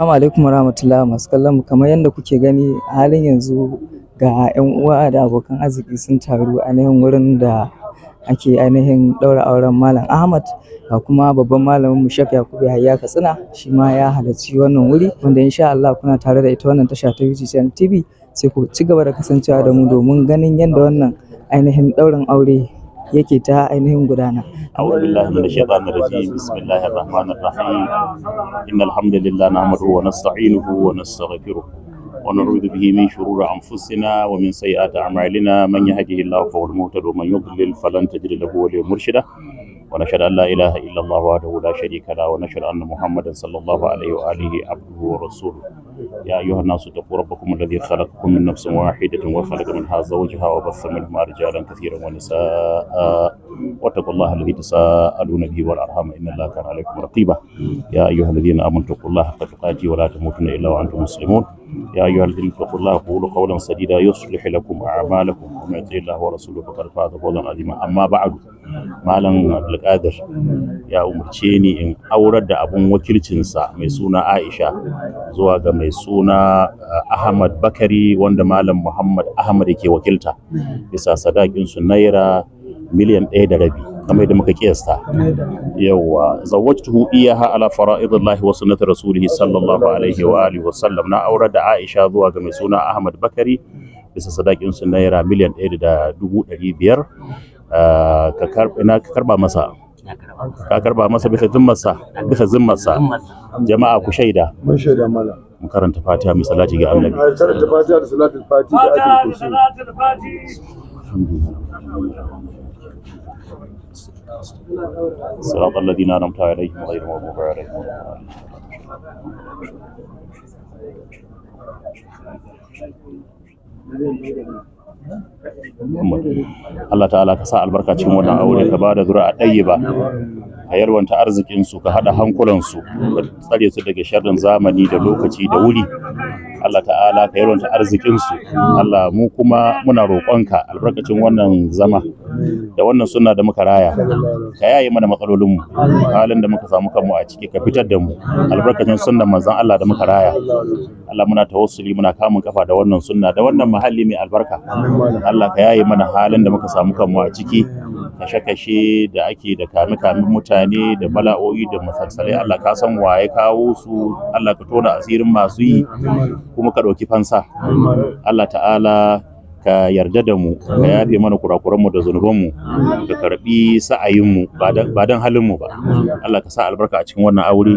Assalamu alaikum warahmatullahi masu kallon mu kamar yadda kuke gani a halin yanzu ga 'yan uwa da abokan arziki sun taru a nan wurin da ake ainihin ɗaura auren Malam Ahmad ga kuma babban malamin mu Sheikh Yakubu Yahaya Katsina shi ma ya halarci wannan wuri wanda insha Allah kuna tare da ita wannan tasha ta UGCN TV sai ku ci gaba da kasancewa da mu domin ganin yadda wannan ainihin ɗaurin aure yake ta ainihin gudana أعوذ بالله من الشيطان الرجيم بسم الله الرحمن الرحيم إن الحمد لله نحمده ونستعينه ونستغفره ونعوذ به من شرور أنفسنا ومن سيئات أعمالنا من يهده الله فهو المهتد ومن يضلل فلن تجد له وليا مرشدا ونشهد أن لا إله إلا الله وحده لا شريك له ونشهد أن محمدا صلى الله عليه وآله عبده ورسوله يا أيها الناس اتقوا ربكم الذي خلقكم من نفس واحدة وخلق منها زوجها وبث منهما رجالا كثيرا ونساء واتقوا الله الذي تساءلون به والأرحام إن الله كان عليكم رقيبا يا أيها الذين آمنوا اتقوا الله حق تقاته ولا تموتن إلا وأنتم مسلمون يا أيها الذين اتقوا الله قولوا قولا سديدا يصلح لكم أعمالكم ومن يطع الله ورسوله فقد فاز فوزا عظيما أما بعد malam abdulkadir ya umarce ni in aurar da abun wakilcinsa mai suna aisha zuwa ga mai suna eh, ahmad bakari wanda malam muhammad ahmad yake wakilta bisa sadakinsu naira miliyan ɗaya da rabi kamar yadda muka kiyasta yawa zawajtuhu iyaha ala fara'idillahi wa sunnati rasulih sallallahu alaihi wa alihi wa sallam na aurar da Aisha zuwa ga mai suna Ahmad Bakari bisa sadakin su naira miliyan ɗaya da dubu ɗari biyar Ah, ka karba masa ka karba masa bisa zimmarsa bisa zimmarsa jama'a ku shaida mun shaida mala mu karanta fatiha mu salati ga annabi karanta fatiha da salatul fatiha da ayatul kursi صراط الذين انعمت عليهم غير المغضوب عليهم ولا الضالين Allah ta'ala ka sa albarkacin wannan aure ka bada zuri'a ba a yarwanta arzikin su ka hada hankulan su ka tsare su daga sharrin zamani da lokaci da wuri Allah ta'ala ka yarwanta arzikin su Allah mu kuma muna roƙonka albarkacin wannan zama da wannan sunna da muka raya ka yayi mana matsalolinmu, halin da muka samu kanmu a ciki ka fitar da mu albarkacin sunnan manzon Allah da muka raya Allah muna tawassuli muna kamun kafa da wannan sunna da wannan mahalli mai albarka Allah ka yaye mana halin da muka samu kanmu a ciki kashe-kashe da ake da kame-kamen mutane da bala'o'i da masalsalai Allah ka san waye kawo su Allah ka tona asirin masu yi kuma ka ɗauki fansa Allah ta'ala ka yarda da mu ka yafe mana kurakuranmu da zunubanmu ka karbi sa'ayinmu ba dan halinmu ba Allah ka sa albarka a cikin wannan aure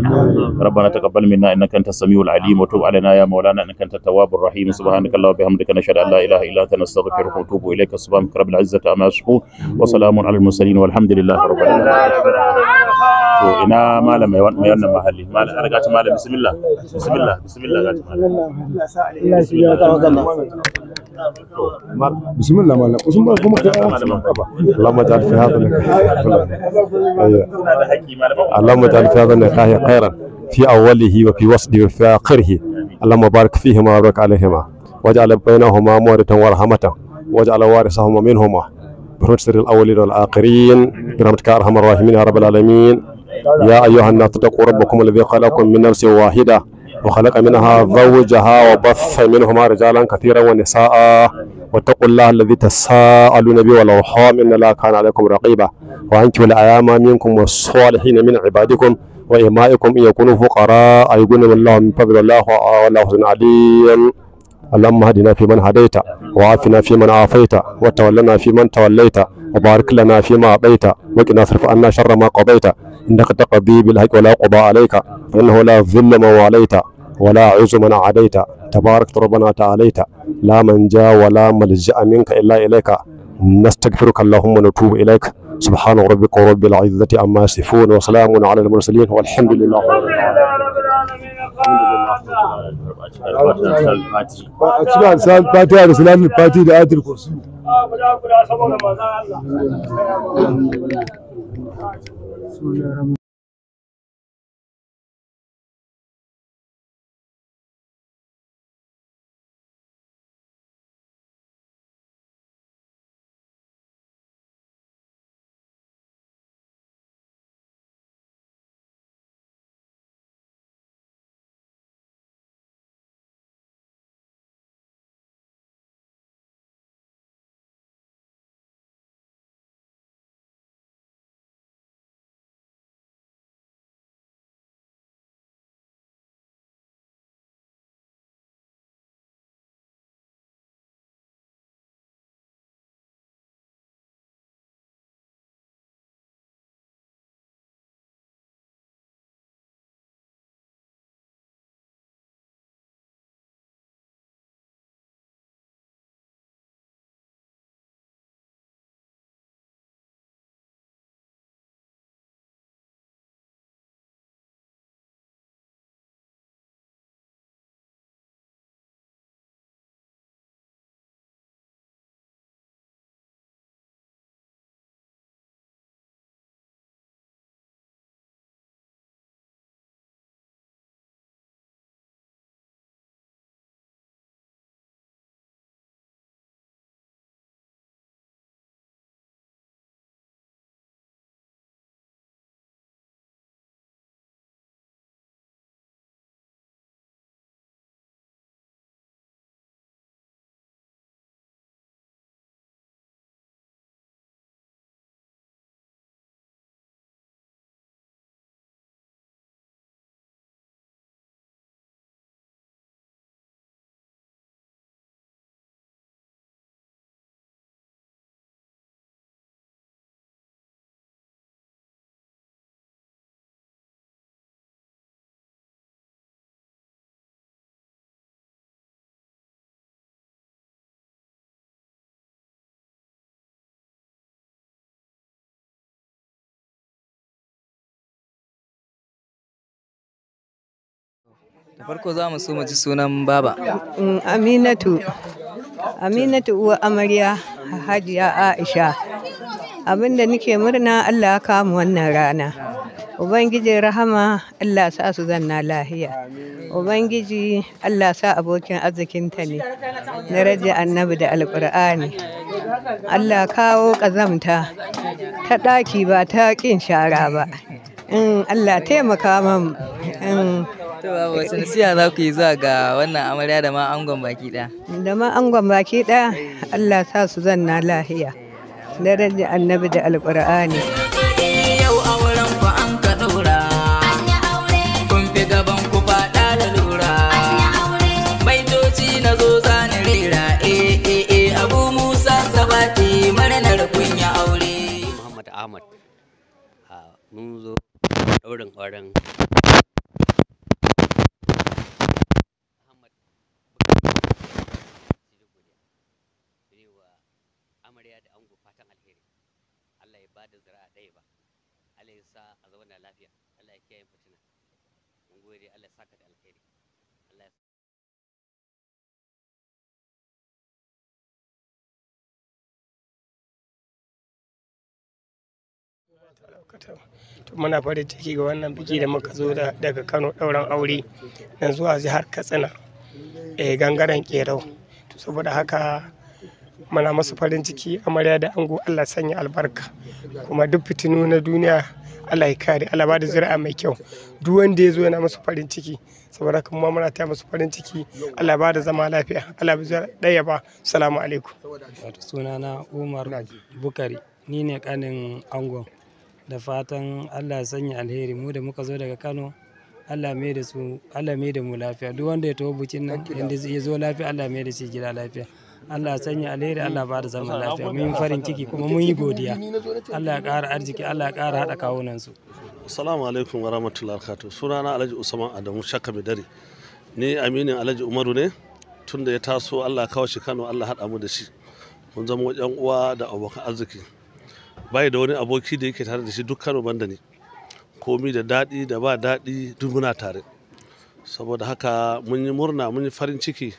rabbana taqabbal minna innaka antas samiul alim wa tub alaina ya maulana innaka antat tawwabur rahim subhanaka allahumma bihamdika nashhadu an la ilaha illa anta nastaghfiruka wa natubu ilayka subhanaka rabbil izzati amma yasifun wa salamun alal mursalin walhamdulillahi rabbil alamin to ah, ina malam mai wannan mahalli malam ana gata malam bismillah bismillah bismillah gata malam بسم الله مالك بسم الله كما اللهم بسم الله هذا اللهم اجعل في بسم الله خيرا في اوله وفي بسم الله اخره اللهم بارك فيهما بسم الله واجعل بينهما مورة ورحمة بسم الله منهما برحمة الاولين والاخرين بسم ارحم الراحمين يا رب العالمين يا أيها الناس اتقوا ربكم الذي خلقكم من نفس واحدة وخلق منها زوجها وبث منهما رجالا كثيرا ونساء واتقوا الله الذي تساءلون به والأرحام إن الله كان عليكم رقيبا وأنكحوا الأيام منكم والصالحين من عبادكم وإمائكم إن يكونوا فقراء يغنهم الله من فضل الله والله عليم اللهم في من هديت وعافنا من عافيت وتولنا من توليت وبارك لنا فيما أعطيت وقنا صرف عنا شر ما قضيت إنك تقضي بالحق ولا قضاء عليك إنه لا ذل من واليت ولا عز من عاديت تبارك ربنا تعاليت لا من جاء ولا ملجأ منك إلا إليك نستغفرك اللهم ونتوب إليك سبحان ربك رب العزة عما يصفون وسلام على المرسلين والحمد لله saudaramu farko za mu so mu ji sunan baba mm, aminatu aminatu uwa amarya hajiya aisha abinda nake murna allah ya kamu wannan rana ubangiji rahama allah sa su zanna lahiya ubangiji allah sa abokin arzikinta ne daraja annabi da alkur'ani allah kawo ƙazamta ta ɗaki ba ta ƙin shara ba mm, allah taimaka min To wace za ku yi zuwa ga wannan amarya da ma angon baki ɗaya? Da ma angon baki ɗaya Allah sa su zanna lahiya. Darajar annabi da alƙur'ani. Yau auren ku an ka ɗora. Kun fi gaban ku faɗa da lura. Baitoci nazo zo rera eh, eh eh Abu Musa Sabati marnar kun ya aure. Muhammad Ahmad mun ba da zira'a ɗaya ba Allah ya sa a zauna lafiya Allah ya kiyaye fitina mun gode Allah ya saka da alheri Allah ya muna farin ciki ga wannan biki da muka zo daga kano ɗauran aure na zuwa jihar katsina eh, gangaren kerau saboda haka Mana masu farin ciki amarya da ango Allah sanya albarka kuma duk fitinu na duniya Allah ya kare Allah ba da zuri'a mai kyau duk wanda ya zo yana masu farin ciki saboda kuma muna ta masu farin ciki Allah ba da zama lafiya Allah ba zuri'a ɗaya ba salamu alaikum sunana Umar Bukari ni ne kanin ango da fatan Allah sanya alheri mu da muka zo daga Kano Allah mai da su Allah mai da mu lafiya duk wanda ya tawo bukin nan inda ya zo lafiya Allah mai da shi gida lafiya Allah sanya alheri Allah ba da zaman lafiya mun farin ciki kuma mun yi godiya Allah ya ƙara arziki Allah ya ƙara hada kawunan su assalamu alaikum wa rahmatullahi wabarakatuh sunana Alhaji Usman Adamu Shakka Bidari ni aminin Alhaji Umaru ne tunda ya taso Allah kawo shi Kano Allah hada mu da shi mun zama wajen uwa da abokan arziki bai da wani aboki da yake tare da shi duk Kano banda ni komi da daɗi da ba daɗi duk muna tare saboda haka mun yi murna mun yi farin ciki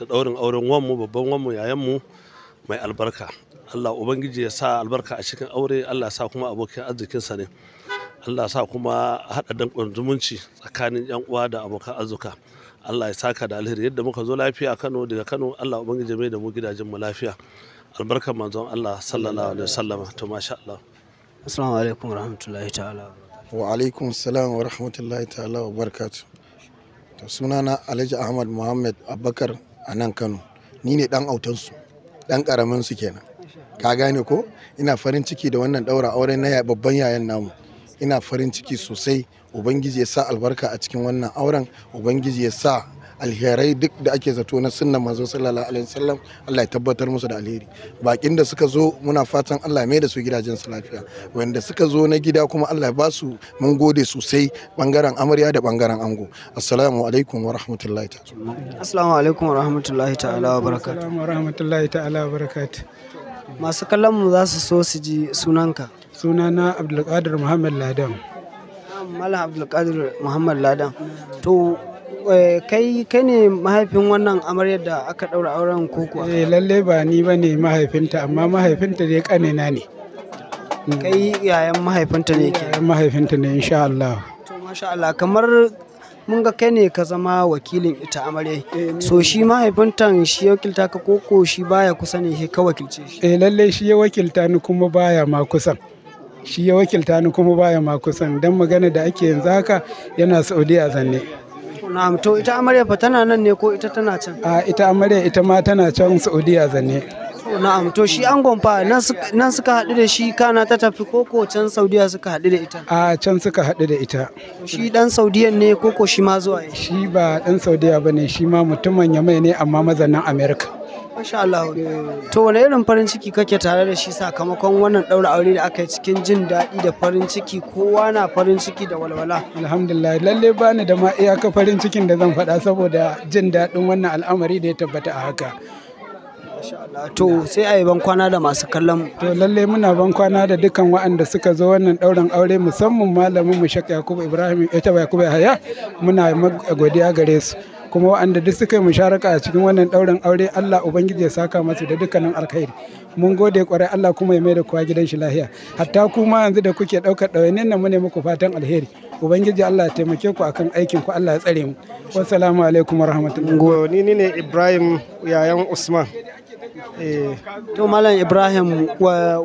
da daurin auren wanmu babban wanmu yayanmu mai albarka allah ubangiji ya sa albarka a cikin aure allah sa kuma abokin arzikinsa ne allah sa kuma haɗa danƙon zumunci tsakanin yan uwa da abokan arzuka allah ya saka da alheri yadda muka zo lafiya kano daga kano allah ubangiji mai da mu gidajen mu lafiya albarkar manzon allah sallallahu alaihi wasallam to masha allah assalamu alaikum warahmatullahi ta'ala wa alaikum salam wa rahmatullahi ta'ala wa barakatuh sunana alhaji ahmad muhammad abubakar a nan Kano ni ne dan autansu dan karamin su kenan ka gane ko ina farin ciki da wannan daura aure na babban yayan namu ina farin ciki sosai ubangiji ya sa albarka a cikin wannan auren ubangiji ya sa alherai duk da ake zato na sunnan manzo sallallahu alaihi wasallam Allah ya tabbatar musu da alheri bakin da suka zo muna fatan Allah ya mai da su gidajen su lafiya wanda suka zo na gida kuma Allah ya ba su mun gode sosai bangaren amarya da bangaren ango assalamu alaikum wa rahmatullahi ta'ala assalamu alaikum wa rahmatullahi ta'ala wa barakatuh wa rahmatullahi ta'ala wa barakatuh masu kallon mu za su so su ji sunanka sunana abdulkadir muhammad ladan malam abdulkadir muhammad ladan to Eh, kai kai ne mahaifin wannan amarya da aka ɗaura auren koko kuwa eh lalle ba ni ba ne mahaifinta amma mahaifinta dai kanina ne mm. kai yayan mahaifinta ne ke yayan mahaifinta ne insha Allah to masha Allah kamar mun ga kai ne ka zama wakilin ita amarya eh, so shi mahaifintan shi ya wakilta ka koko shi baya kusa ne shi ka wakilce shi eh lalle shi ya wakilta ni kuma baya ma kusan shi ya wakilta ni kuma baya ma kusan dan magana da ake yanzu haka yana Saudi a zanne Na'am to ita amarya fa tana nan ne ko ita tana can? A ita amarya ita ma tana can Saudiya zane. na'am to shi angon fa nan suka haɗu da shi kana ta tafi koko can saudiya suka haɗu da ita a can suka haɗu da ita shi dan saudiyan ne koko shi ma zuwa shi ba dan saudiya ba ne shi ma mutumin yamai ne amma mazannin america Masha Allah. To wani irin farin ciki kake tare da shi sakamakon wannan ɗaura aure da aka yi cikin jin daɗi da farin ciki kowa na farin ciki da walwala. Alhamdulillah lalle bani da ma iyaka farin cikin da zan faɗa saboda jin daɗin wannan al'amari da ya tabbata a haka. To sai a yi bankwana da masu kallon To lalle muna bankwana da dukkan waɗanda suka zo wannan ɗaurin aure musamman malamin mu Shek Yakubu Ibrahim Ita eh, Yakubu haya muna godiya gare su. kuma waɗanda duk suka yi musharaka a cikin wannan ɗaurin aure Allah Ubangiji ya saka masu da dukkanin alkhairi mun gode kwarai Allah kuma ya mai da kowa gidan shi lahiya hatta kuma yanzu da kuke ɗaukar ɗawainin nan mune muku fatan alheri Ubangiji Allah ya taimake ku akan aikin ku Allah ya tsare mu wassalamu alaikum warahmatullahi ni ne Ibrahim yayan Usman Eh, to malam ibrahim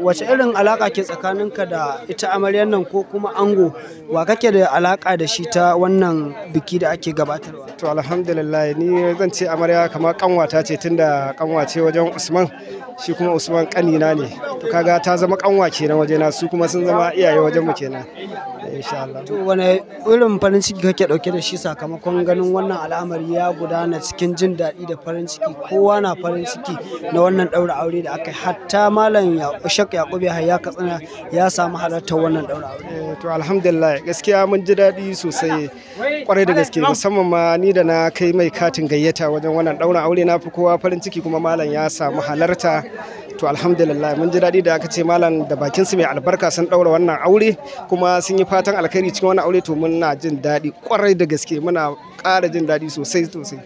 wace irin alaka ke tsakanin ka da ita amaryar nan ko kuma ango wa kake da alaka da shi ta wannan biki da ake gabatarwa to alhamdulillah ni zan ce amarya kamar kanwata ce tunda kanwa ce wajen usman shi kuma usman kanina ne to kaga ta zama kanwa kenan wajena su kuma sun zama iyaye wajen mu kenan insha farinciki to wane irin farin ciki kake dauke da shi sakamakon ganin wannan al'amari ya gudana cikin jin daɗi da farin ciki kowa na farin ciki na wannan daura aure da aka hatta malam Shak Yakub ya katsina ya samu halartar wannan daura aure eh, to alhamdulillah gaskiya mun ji daɗi sosai kwarai da gaske musamman ma ni da na kai mai katin gayyata wajen wannan daura aure na fi kowa farin ciki kuma malam ya samu halarta to alhamdulillah mun ji daɗi da aka ce malam da bakin su mai albarka sun ɗaura wannan aure kuma sun yi fatan alkhairi cikin wannan aure to muna jin daɗi kwarai da gaske muna ƙara jin daɗi sosai sosai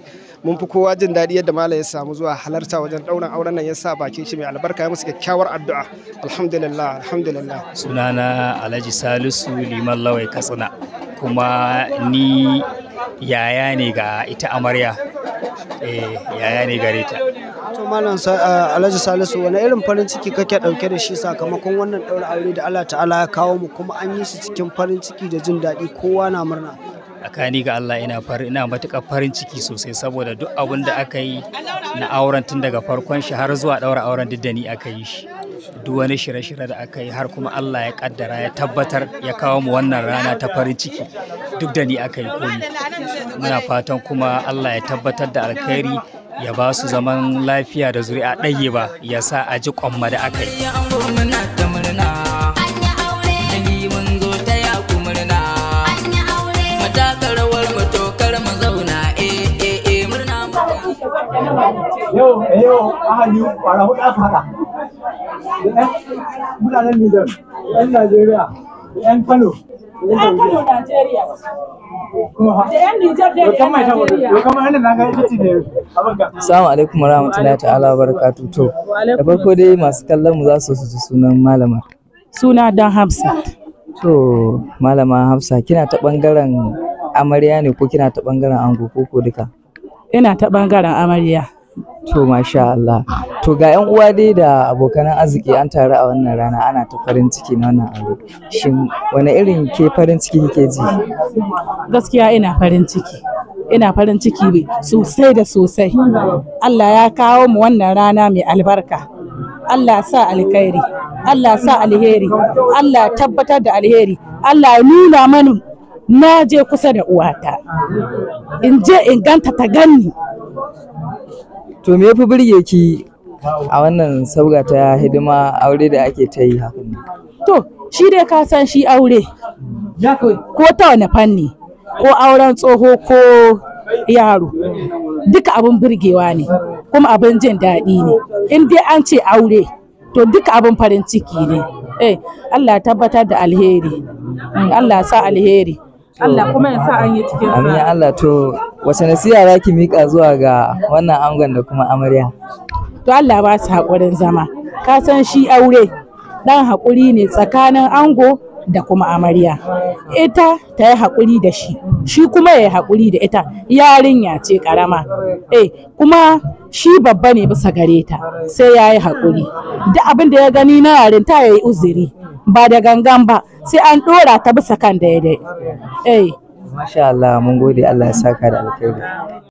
mun fi kowa jin daɗi yadda malam ya samu zuwa halarta wajen ɗaurin auren nan ya sa bakin shi mai albarka ya musu kyakkyawar addu'a alhamdulillah alhamdulillah sunana alhaji salisu liman lawai katsina kuma ni yaya ne ga ita amarya eh yaya ne gare ta To Malam Alhaji Salisu wani irin farin ciki kake dauke da shi sakamakon wannan daura aure da Allah ta'ala ya kawo mu kuma an yi shi cikin farin ciki da jin daɗi kowa na murna. Tsakani ga Allah ina far ina matuƙar farin ciki sosai saboda duk abin da aka yi na auren tun daga farkon shi har zuwa daura auren duk da ni aka yi shi. duk wani shirye-shirye da aka yi har kuma Allah ya kaddara ya tabbatar ya kawo mu wannan rana ta farin ciki duk da ni aka yi muna fatan kuma Allah ya tabbatar da alkhairi ya ba su zaman lafiya da zuri'a ɗaye ba ya sa a ji kwamma da aka yi yau yau a hannu kwara hudu aka haɗa mutanen Nijar, 'yan Najeriya, 'yan Kano, 'yan Kano Najeriya. Assalamu alaikum warahmatullahi ta'ala barakatu to da farko dai masu kallon mu za su su sunan malama suna dan Hafsa to malama Hafsa kina ta bangaren amarya ne ko kina ta bangaren ango ko ko duka ina ta bangaren amarya To masha Allah. To ga yan uwa dai da abokan arziki an taru a wannan rana ana ta farin ciki na wannan aure. Shin wani irin ke farin ciki kike ji? Gaskiya ina farin ciki. Ina farin ciki sosai da sosai. Allah ya kawo mu wannan rana mai albarka. Allah sa alkhairi. Allah sa alheri. Allah tabbatar da alheri. Allah ya nuna mani na je kusa da uwata. In je in ganta ta ganni. To me yafi birge ki a wannan sauga ta hidima aure da ake ta yi hakan? To shi dai ka san shi aure ko ta wani fanni ko auren tsoho ko yaro duka abin birgewa ne kuma abin jin daɗi ne in dai an ce aure to duka abin farin ciki ne eh Allah tabbatar da alheri mm, Allah sa alheri Allah kuma ya sa an yi cikin sa Allah to wace nasiha za ki miƙa zuwa ga wannan angon da kuma amarya to Allah ba su haƙurin zama ka san shi aure ɗan haƙuri ne tsakanin ango da kuma amarya ita ta yi haƙuri da shi shi kuma ya yi haƙuri da ita yarinya ce ƙarama eh kuma shi babba ne bisa gare ta sai ya yi haƙuri duk abin da ya gani na yarin ya yi uzuri ba da gangan ba sai an ɗora ta bisa kan da dai eh Masha Allah mun gode Allah ya saka da alkhairi